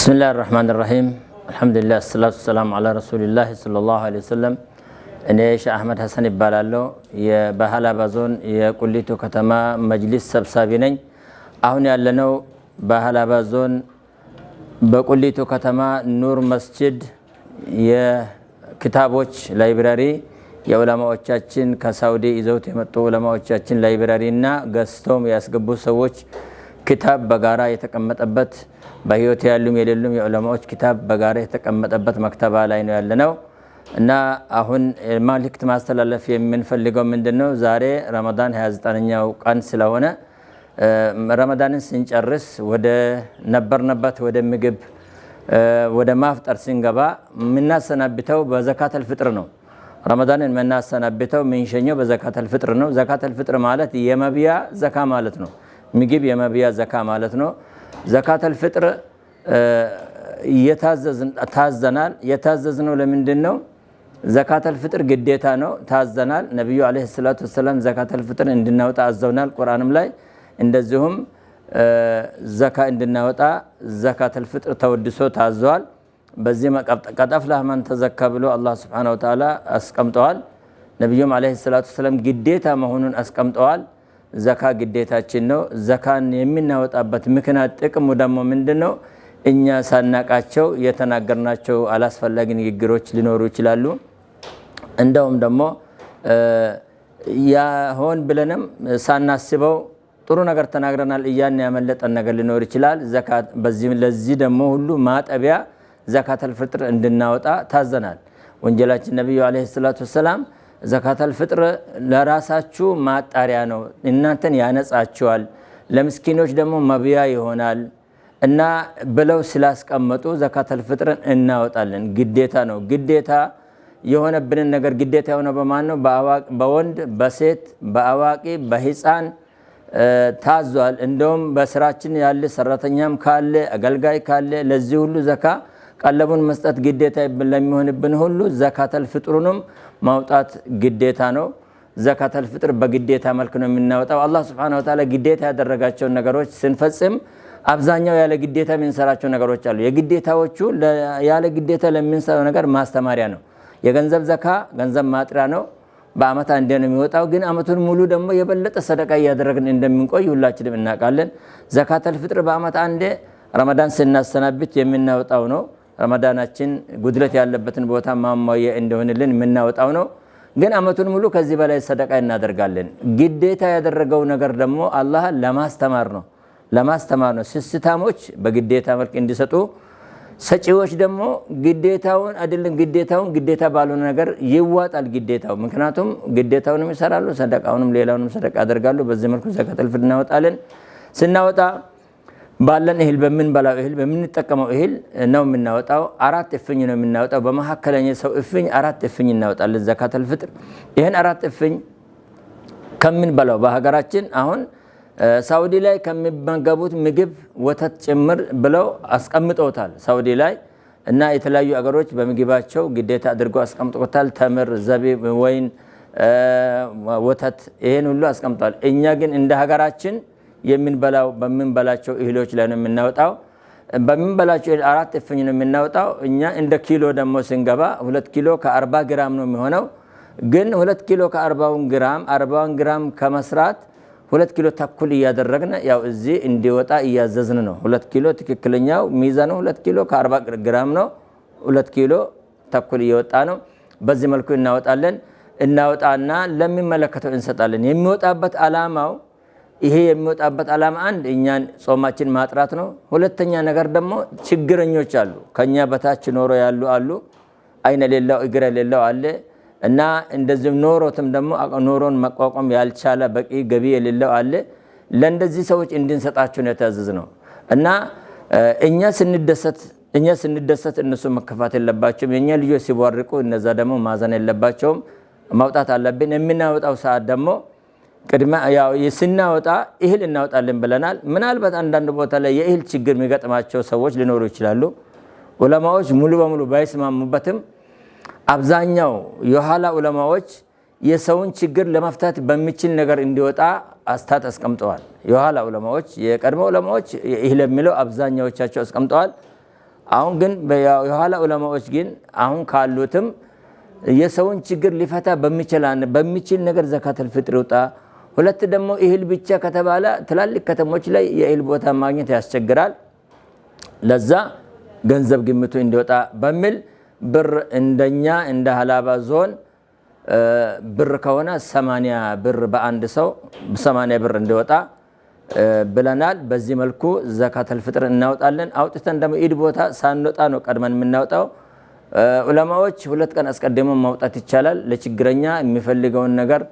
ብስሚላህ ራህማን ራሂም አልሐምዱሊላህ ሰላቱ ሰላም አላ ረሱሊላህ ሰለላሁ ዐለይሂ ወሰለም። እኔ ሼህ አህመድ ሀሰን ይባላለሁ። የባህላባ ዞን የቁሊቶ ከተማ መጅሊስ ሰብሳቢ ነኝ። አሁን ያለነው ባህላባ ዞን በቁሊቱ ከተማ ኑር መስጅድ የክታቦች ላይብራሪ የዑለማዎቻችን ከሳውዲ ይዘውት የመጡ ዑለማዎቻችን ላይብራሪ እና ገዝተውም ያስገቡ ሰዎች ኪታብ በጋራ የተቀመጠበት በህይወት ያሉም የሌሉም የዑለማዎች ኪታብ በጋራ የተቀመጠበት መክተባ ላይ ነው ያለነው እና አሁን መልእክት ማስተላለፍ የምንፈልገው ምንድን ነው? ዛሬ ረመዳን 29ኛው ቀን ስለሆነ ረመዳንን ስንጨርስ ወደ ነበርንበት ወደ ምግብ ወደ ማፍጠር ስንገባ የምናሰናብተው በዘካተል ፍጥር ነው። ረመዳንን የምናሰናብተው የምንሸኘው በዘካተል ፍጥር ነው። ዘካተል ፍጥር ማለት የመብያ ዘካ ማለት ነው። ምግብ የመብያ ዘካ ማለት ነው። ዘካተል ፍጥር ታዘናል። የታዘዝነው ለምንድን ነው? ዘካተል ፍጥር ግዴታ ነው። ታዘናል። ነቢዩ ዓለይሂ ሰላቱ ወሰላም ዘካተል ፍጥር እንድናወጣ አዘውናል። ቁርአንም ላይ እንደዚሁም ዘካ እንድናወጣ ዘካተል ፍጥር ተወድሶ ታዘዋል። በዚህ ቀጠፍ ለማን ተዘካ ብሎ አላህ ስብሓነሁ ወተዓላ አስቀምጠዋል። ነቢዩም ዓለይሂ ሰላቱ ወሰላም ግዴታ መሆኑን አስቀምጠዋል። ዘካ ግዴታችን ነው። ዘካን የምናወጣበት ምክንያት ጥቅሙ ደግሞ ምንድን ነው? እኛ ሳናቃቸው የተናገርናቸው አላስፈላጊ ንግግሮች ሊኖሩ ይችላሉ። እንደውም ደግሞ ያሆን ብለንም ሳናስበው ጥሩ ነገር ተናግረናል እያን ያመለጠን ነገር ሊኖር ይችላል። ለዚህ ደግሞ ሁሉ ማጠቢያ ዘካተል ፍጥር እንድናወጣ ታዘናል። ወንጀላችን ነቢዩ ዓለይሂ ሰላቱ ወሰላም ዘካተል ፍጥር ለራሳችሁ ማጣሪያ ነው፣ እናንተን ያነጻችኋል፣ ለምስኪኖች ደግሞ መብያ ይሆናል እና ብለው ስላስቀመጡ ዘካተል ፍጥርን እናወጣለን። ግዴታ ነው። ግዴታ የሆነብንን ነገር ግዴታ የሆነ በማን ነው? በወንድ በሴት በአዋቂ በህፃን ታዟል። እንደውም በስራችን ያለ ሰራተኛም ካለ አገልጋይ ካለ ለዚህ ሁሉ ዘካ ቀለቡን መስጠት ግዴታ ለሚሆንብን ሁሉ ዘካተል ፍጥሩንም ማውጣት ግዴታ ነው። ዘካተል ፍጥር በግዴታ መልክ ነው የምናወጣው። አላህ ስብሐነሁ ወተዓላ ግዴታ ያደረጋቸውን ነገሮች ስንፈጽም አብዛኛው ያለ ግዴታ የምንሰራቸው ነገሮች አሉ። የግዴታዎቹ ያለ ግዴታ ለምንሰራው ነገር ማስተማሪያ ነው። የገንዘብ ዘካ ገንዘብ ማጥሪያ ነው። በአመት አንዴ ነው የሚወጣው። ግን አመቱን ሙሉ ደግሞ የበለጠ ሰደቃ እያደረግን እንደምንቆይ ሁላችንም እናውቃለን። ዘካተል ፍጥር በአመት አንዴ ረመዳን ስናሰናብት የምናወጣው ነው። ረመዳናችን ጉድለት ያለበትን ቦታ ማሟያ እንደሆንልን የምናወጣው ነው። ግን አመቱን ሙሉ ከዚህ በላይ ሰደቃ እናደርጋለን። ግዴታ ያደረገው ነገር ደግሞ አላህ ለማስተማር ነው ለማስተማር ነው። ስስታሞች በግዴታ መልክ እንዲሰጡ፣ ሰጪዎች ደግሞ ግዴታውን አይደለም ግዴታውን ግዴታ ባልሆነ ነገር ይዋጣል ግዴታው። ምክንያቱም ግዴታውንም ይሰራሉ፣ ሰደቃውንም ሌላውንም ሰደቃ ያደርጋሉ። በዚህ መልኩ ዘካተል ፊጥር እናወጣለን ስናወጣ ባለን እህል በምንበላው እህል በምንጠቀመው እህል ነው የምናወጣው። አራት እፍኝ ነው የምናወጣው። በመካከለኛ ሰው እፍኝ አራት እፍኝ እናወጣለን ዘካተል ፍጥር። ይህን አራት እፍኝ ከምንበላው በሀገራችን አሁን ሳውዲ ላይ ከሚመገቡት ምግብ ወተት ጭምር ብለው አስቀምጠውታል ሳውዲ ላይ እና የተለያዩ አገሮች በምግባቸው ግዴታ አድርገው አስቀምጠውታል ተምር፣ ዘቢብ፣ ወይን፣ ወተት ይህን ሁሉ አስቀምጠዋል። እኛ ግን እንደ ሀገራችን የምንበላው በምንበላቸው እህሎች ላይ ነው የምናወጣው። በምንበላቸው አራት እፍኝ ነው የምናወጣው። እኛ እንደ ኪሎ ደግሞ ስንገባ ሁለት ኪሎ ከአርባ ግራም ነው የሚሆነው። ግን ሁለት ኪሎ ከአርባውን ግራም አርባውን ግራም ከመስራት ሁለት ኪሎ ተኩል እያደረግን ያው እዚህ እንዲወጣ እያዘዝን ነው። ሁለት ኪሎ ትክክለኛው ሚዛኑ ሁለት ኪሎ ከአርባ ግራም ነው። ሁለት ኪሎ ተኩል እየወጣ ነው። በዚህ መልኩ እናወጣለን። እናወጣና ለሚመለከተው እንሰጣለን። የሚወጣበት አላማው ይሄ የሚወጣበት ዓላማ አንድ እኛን ጾማችን ማጥራት ነው። ሁለተኛ ነገር ደግሞ ችግረኞች አሉ፣ ከኛ በታች ኖሮ ያሉ አሉ። አይነ ሌላው እግረ ሌላው አለ እና እንደዚህም ኖሮትም ደግሞ ኖሮን መቋቋም ያልቻለ በቂ ገቢ የሌለው አለ። ለእንደዚህ ሰዎች እንድንሰጣቸው ነው የታዘዝ ነው እና እኛ ስንደሰት እኛ ስንደሰት እነሱ መከፋት የለባቸውም። የእኛ ልጆች ሲቧርቁ እነዛ ደግሞ ማዘን የለባቸውም። ማውጣት አለብን። የምናወጣው ሰዓት ደግሞ ቅድመ ያው ስናወጣ እህል እናወጣለን ብለናል። ምናልባት አንዳንድ ቦታ ላይ የእህል ችግር የሚገጥማቸው ሰዎች ሊኖሩ ይችላሉ። ዑለማዎች ሙሉ በሙሉ ባይስማሙበትም አብዛኛው የኋላ ዑለማዎች የሰውን ችግር ለመፍታት በሚችል ነገር እንዲወጣ አስታት አስቀምጠዋል። የኋላ ዑለማዎች የቀድሞ ዑለማዎች እህል የሚለው አብዛኛዎቻቸው አስቀምጠዋል። አሁን ግን የኋላ ዑለማዎች ግን አሁን ካሉትም የሰውን ችግር ሊፈታ በሚችል ነገር ዘካተል ፍጥር ይውጣ ሁለት ደግሞ እህል ብቻ ከተባለ ትላልቅ ከተሞች ላይ የእህል ቦታ ማግኘት ያስቸግራል። ለዛ ገንዘብ ግምቱ እንዲወጣ በሚል ብር እንደኛ እንደ ሀላባ ዞን ብር ከሆነ ሰማንያ ብር በአንድ ሰው ሰማንያ ብር እንዲወጣ ብለናል። በዚህ መልኩ ዘካተል ፍጥር እናወጣለን። አውጥተን ደግሞ ኢድ ቦታ ሳንወጣ ነው ቀድመን የምናወጣው። ዑለማዎች ሁለት ቀን አስቀድሞ ማውጣት ይቻላል። ለችግረኛ የሚፈልገውን ነገር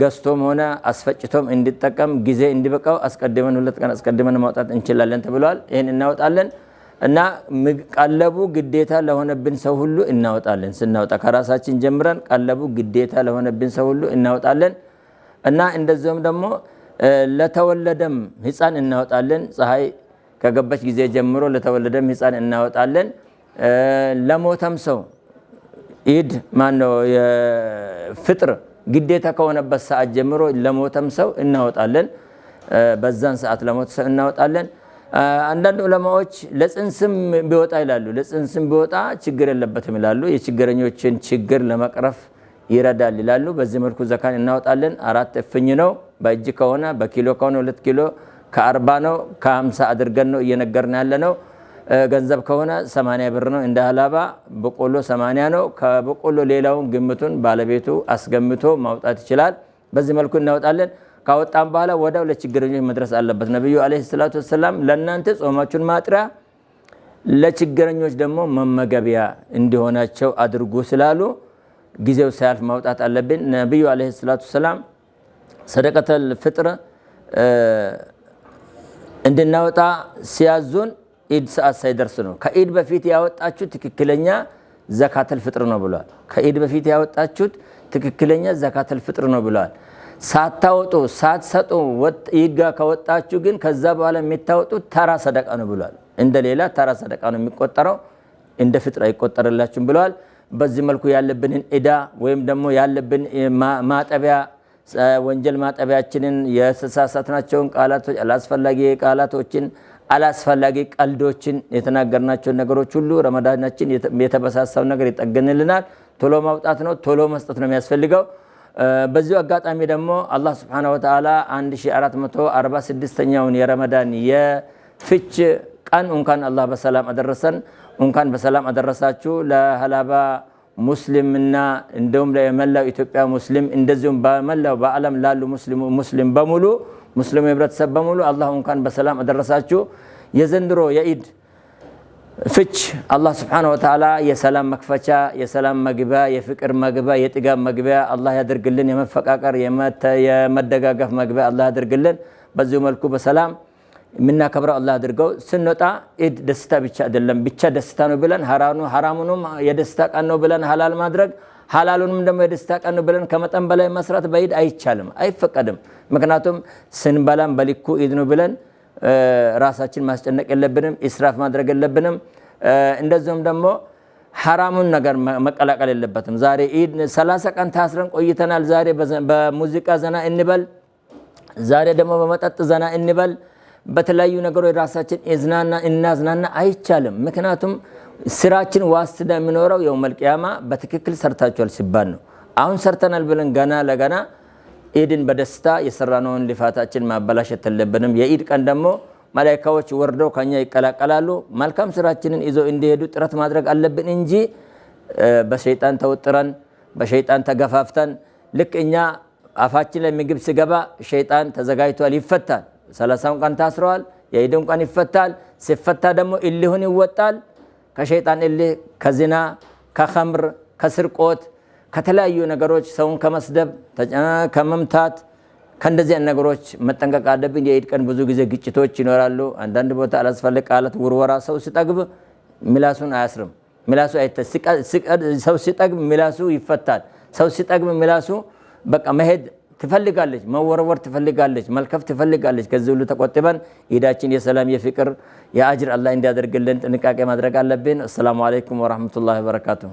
ገዝቶም ሆነ አስፈጭቶም እንዲጠቀም ጊዜ እንዲበቃው አስቀድመን ሁለት ቀን አስቀድመን ማውጣት እንችላለን ተብሏል። ይህን እናወጣለን እና ቀለቡ ግዴታ ለሆነብን ሰው ሁሉ እናወጣለን። ስናወጣ ከራሳችን ጀምረን ቀለቡ ግዴታ ለሆነብን ሰው ሁሉ እናወጣለን እና እንደዚሁም ደግሞ ለተወለደም ሕፃን እናወጣለን። ፀሐይ ከገባች ጊዜ ጀምሮ ለተወለደም ሕፃን እናወጣለን። ለሞተም ሰው ኢድ ማነው የፍጥር ግዴታ ከሆነበት ሰዓት ጀምሮ ለሞተም ሰው እናወጣለን። በዛን ሰዓት ለሞተ ሰው እናወጣለን። አንዳንድ ዑለማዎች ለጽንስም ቢወጣ ይላሉ። ለጽንስም ቢወጣ ችግር የለበትም ይላሉ። የችግረኞችን ችግር ለመቅረፍ ይረዳል ይላሉ። በዚህ መልኩ ዘካን እናወጣለን። አራት እፍኝ ነው። በእጅ ከሆነ በኪሎ ከሆነ ሁለት ኪሎ ከአርባ ነው ከሀምሳ አድርገን ነው እየነገርን ያለ ነው። ገንዘብ ከሆነ 80 ብር ነው። እንደ አላባ በቆሎ 80 ነው። ከበቆሎ ሌላውን ግምቱን ባለቤቱ አስገምቶ ማውጣት ይችላል። በዚህ መልኩ እናወጣለን። ካወጣም በኋላ ወዳው ለችግረኞች መድረስ አለበት። ነቢዩ ዓለይሂ ሰላቱ ወሰላም ለእናንተ ጾማችሁን ማጥሪያ ለችግረኞች ደግሞ መመገቢያ እንዲሆናቸው አድርጉ ስላሉ ጊዜው ሳያልፍ ማውጣት አለብን። ነቢዩ ዓለይሂ ሰላቱ ወሰላም ሰደቀተል ፍጥር እንድናወጣ ሲያዙን ኢድ ሰዓት ሳይደርስ ነው። ከኢድ በፊት ያወጣችሁት ትክክለኛ ዘካተል ፍጥር ነው ብሏል። ከኢድ በፊት ያወጣችሁት ትክክለኛ ዘካተል ፍጥር ነው ብሏል። ሳታወጡ ሳትሰጡ ኢድ ከወጣችሁ ግን ከዛ በኋላ የሚታወጡት ተራ ሰደቃ ነው ብሏል። እንደ ሌላ ተራ ሰደቃ ነው የሚቆጠረው፣ እንደ ፍጥር አይቆጠርላችሁም ብለዋል። በዚህ መልኩ ያለብንን ዕዳ ወይም ደግሞ ያለብን ማጠቢያ ወንጀል ማጠቢያችንን የተሳሳትናቸውን ቃላቶች አላስፈላጊ ቃላቶችን አላስፈላጊ ቀልዶችን የተናገርናቸውን ነገሮች ሁሉ ረመዳናችን የተበሳሰብ ነገር ይጠገንልናል። ቶሎ ማውጣት ነው፣ ቶሎ መስጠት ነው የሚያስፈልገው። በዚሁ አጋጣሚ ደግሞ አላህ ስብሓነሁ ወተዓላ 1446ኛውን የረመዳን የፍች ቀን እንኳን አላህ በሰላም አደረሰን፣ እንኳን በሰላም አደረሳችሁ ለሀላባ ሙስሊምና እንደውም ለመላው ኢትዮጵያ ሙስሊም እንደዚሁም በመላው በዓለም ላሉ ሙስሊም በሙሉ ሙስሊሙ ህብረተሰብ በሙሉ አላህ እንኳን በሰላም አደረሳችሁ። የዘንድሮ የኢድ ፍች አላህ ስብሓነሁ ወተዓላ የሰላም መክፈቻ፣ የሰላም መግቢያ፣ የፍቅር መግቢያ፣ የጥጋብ መግቢያ አላህ ያድርግልን። የመፈቃቀር የመደጋገፍ መግቢያ አላህ ያድርግልን። በዚሁ መልኩ በሰላም የምናከብረው አላህ አድርገው። ስንወጣ ኢድ ደስታ ብቻ አይደለም ብቻ ደስታ ነው ብለን ሐራሙንም የደስታ ቀን ነው ብለን ሀላል ማድረግ ሀላሉንም ደግሞ የደስታ ቀን ብለን ከመጠን በላይ መስራት በኢድ አይቻልም፣ አይፈቀድም። ምክንያቱም ስንበላም በልኩ ኢድ ነው ብለን ራሳችን ማስጨነቅ የለብንም፣ ኢስራፍ ማድረግ የለብንም። እንደዚሁም ደግሞ ሐራሙን ነገር መቀላቀል የለበትም። ዛሬ ኢድ 30 ቀን ታስረን ቆይተናል። ዛሬ በሙዚቃ ዘና እንበል፣ ዛሬ ደግሞ በመጠጥ ዘና እንበል፣ በተለያዩ ነገሮች ራሳችን እናዝናና አይቻልም። ምክንያቱም ስራችን ዋስትና የሚኖረው የው መልቅያማ በትክክል ሰርታችኋል ሲባል ነው። አሁን ሰርተናል ብለን ገና ለገና ኢድን በደስታ የሰራነውን ልፋታችን ማበላሸት የለብንም። የኢድ ቀን ደግሞ መላይካዎች ወርደው ከኛ ይቀላቀላሉ። መልካም ስራችንን ይዞ እንዲሄዱ ጥረት ማድረግ አለብን እንጂ በሸይጣን ተወጥረን በሸይጣን ተገፋፍተን ልክ እኛ አፋችን ላይ ምግብ ሲገባ ሸይጣን ተዘጋጅቷል፣ ይፈታል። ሰላሳውን ቀን ታስረዋል፣ የኢድን ቀን ይፈታል። ሲፈታ ደግሞ እልሁን ይወጣል። ከሸይጣን እልህ፣ ከዝና፣ ከኸምር፣ ከስርቆት፣ ከተለያዩ ነገሮች ሰውን ከመስደብ፣ ከመምታት ከእንደዚያ ነገሮች መጠንቀቅ አለብን። የኢድ ቀን ብዙ ጊዜ ግጭቶች ይኖራሉ። አንዳንድ ቦታ አላስፈልግ ቃላት ውርወራ፣ ሰው ሲጠግብ ምላሱን አያስርም። ምላሱ ሰው ሲጠግብ ምላሱ ይፈታል። ሰው ሲጠግብ ምላሱ በቃ መሄድ ትፈልጋለች፣ መወርወር ትፈልጋለች፣ መልከፍ ትፈልጋለች። ከዚህ ሁሉ ተቆጥበን ኢዳችን የሰላም የፍቅር የአጅር አላህ እንዲያደርግልን ጥንቃቄ ማድረግ አለብን። አሰላሙ አለይኩም ወረሕመቱላሂ ወበረካቱሁ።